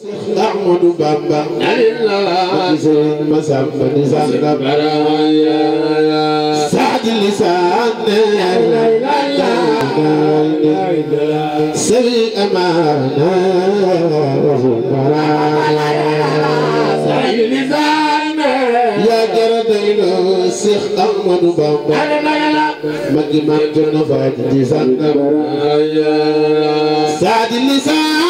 Ahmadu Bamba alillah sëriñ Masamba ni sanga baraya saadi lisaane sëriñ amaana rafu baraya saadi lisaane yaa jara daylo Seex Ahmadu Bamba magi man jonna faaj di sanga baraya saadi lisaane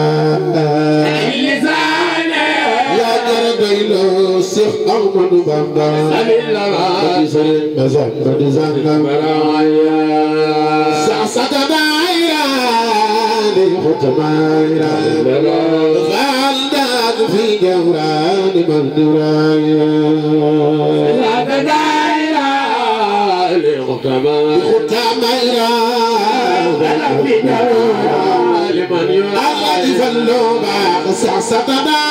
تنقل ذنبا فبسر المزا فبزنبا مرايا سعصة بايرا للختمايرا فعندك في جوران مردرايا سعصة بايرا للختمايرا لختمايرا لمن يرى الله يفلوبا سعصة بايرا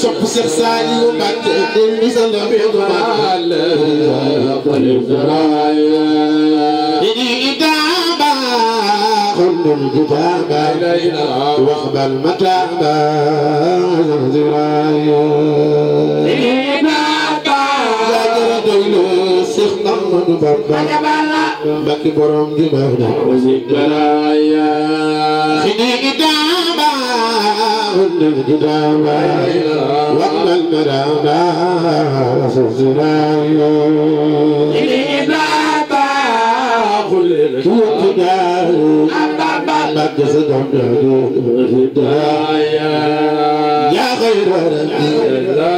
sopp Seex Saaliw Mbàkke day misal la bi du mal qalib daraaya ini idaba khundul kitaba ilayna waqbal mataba daraaya ini idaba ya jara doylu Seex Mamadu Bamba Mbàkke borom di baax na daraaya ini idaba وسلم قداما وقنا المداما وسلسلا إنابا خلل توتنا مجلس دمنا يا خير ربي خير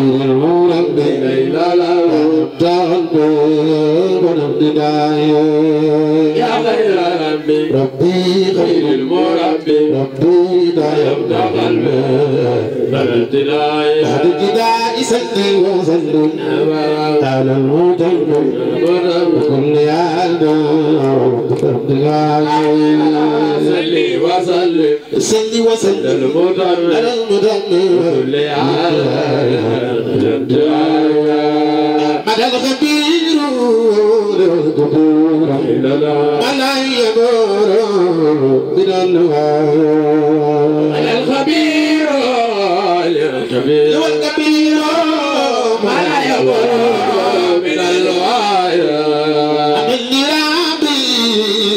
المربي لا لا لا يا خير ربي ربي خير المربي ربي دايم قلبي بالابتداء بعد ابتداء سدي وسلم على المتم وكل سلي وسلم سلي وسلم المدمر على المدمر وكل عالم مدى الخبير القدور ألا يدور من النوار أنا الخبير الكبير والكبير ما لا يدور من النوار أنا النرابي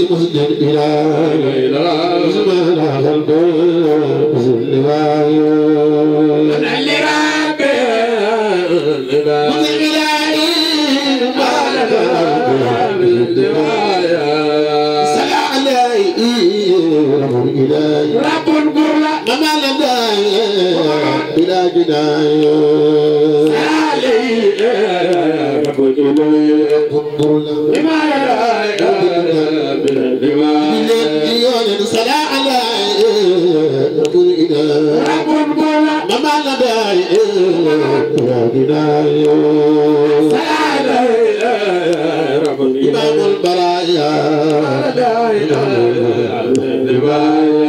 مهد الإله زمان هذا القدور بلا جدال ساليك وإليك انظر لما يراك بالدماء صلاة عليك إلى مما لديك يا جدال إمام البرايا إمام البرايا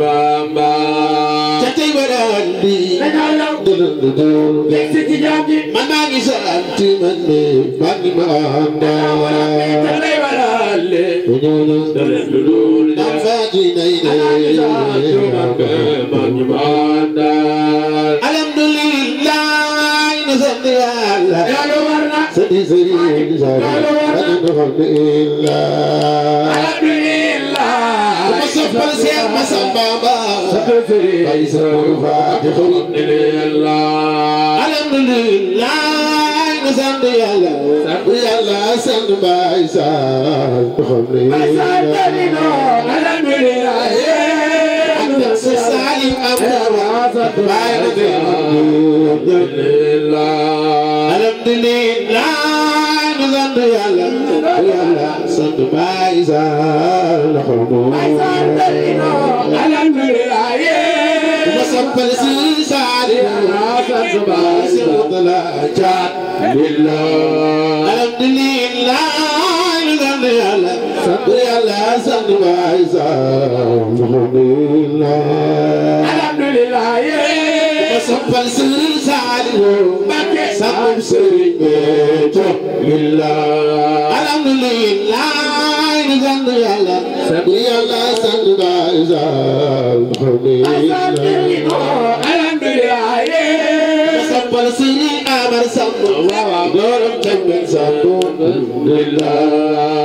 bamba ca tey ba daan di dangaa law dëgg ci jaam ji man maa ngi sant man ne man ni ma anda ca tey ba daan le ñooñu dëgg dëgg nam faati nay nay man ni ma anda alhamdulillah na sant yàlla yàlla war na sant sëriñ yàlla war na sant Assane Bamba. sakasee ay sa boppam te xamuñu la. alhamdulilah ñu sant yàlla. sant yàlla sant Baye Sarr te xamuñu la. alhamdulilah. alhamdulilah. sant yàlla yàlla sant Baye Sarr la xol moom. ma sampal si saari naa sant Baye sant la caat. alhamdulilah sant yàlla sant yàlla sant Baye Sarr alhamdulilah. sampal Serigne Saliou Mbacké sampal Serigne Béthio lillah alhamdulillah ñu sant yàlla sant yàlla sant baay saal alhamdulillah alhamdulillah sampal Serigne Amar Samb waaw borom jàmm samb lillah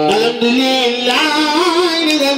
alhamdulillah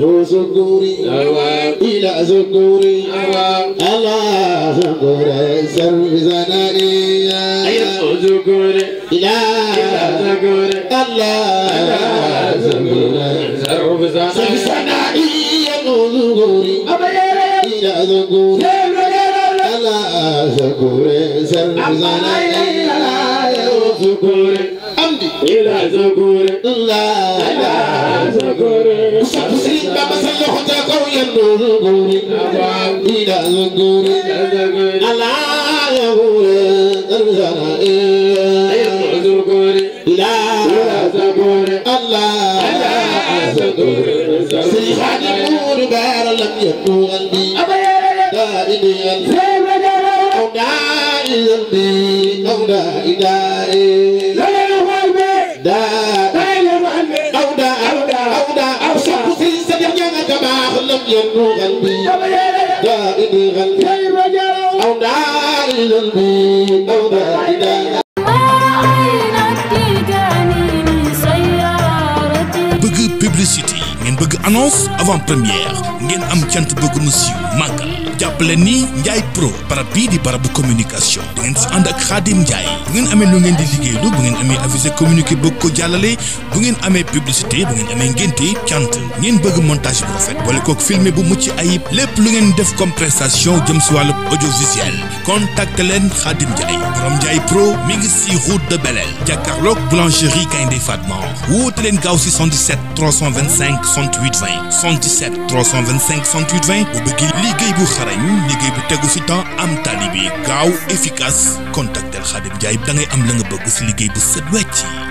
ذو زكوري إلى زكوري ألا زكور سر زنانية أيوة زكور إلى زكور ألا زكور سر زنانية زكوري إلى زكور ألا زكور سر زنانية زكور ila zukuri ila zukuri ku Serigne Bamba sa loxo ca kaw yendu zukuri ila zukuri ala yawure arzana ila zukuri ila zukuri ala zukuri Serigne Khadim Nour Bara lam yakun qalbi دائما أو دائما أو دائما daa aw daa aw daa aw sopp sëriñ sa def ña nga ka baax lam yan nu xal bi daa indi xal bi aw daa ilal bi aw daa ida publicité ngeen bëgg annonce avant première ngeen am cant bëgg mu siiw màggal jàpp leen ni Ndiaye Pro barab bii di barabu communication da ngeen si ànd ak Khadim Ndiaye bu ngeen amee lu ngeen di liggéeylu bu ngeen amee avisé communiqué bëgg ko jàllale bu ngeen amee publicité bu ngeen amee ngénte cant ngeen bëgg montage bu rafet boole kook filmé bu mucc ayib lépp lu ngeen def comme prestation jëm si wàllu audiovisuel contacte leen Khadim Ndiaye borom Ndiaye Pro mi ngi si route de Belel jàkkaarloog boulangerie Gaynde Fatma wóote leen gaaw si 77 325 68 20 xarañ liggéey bu tegu si temps am taalibe gaaw efficace contactel Khadim jaay da ngay am la nga bëgg si liggéey bu set wecc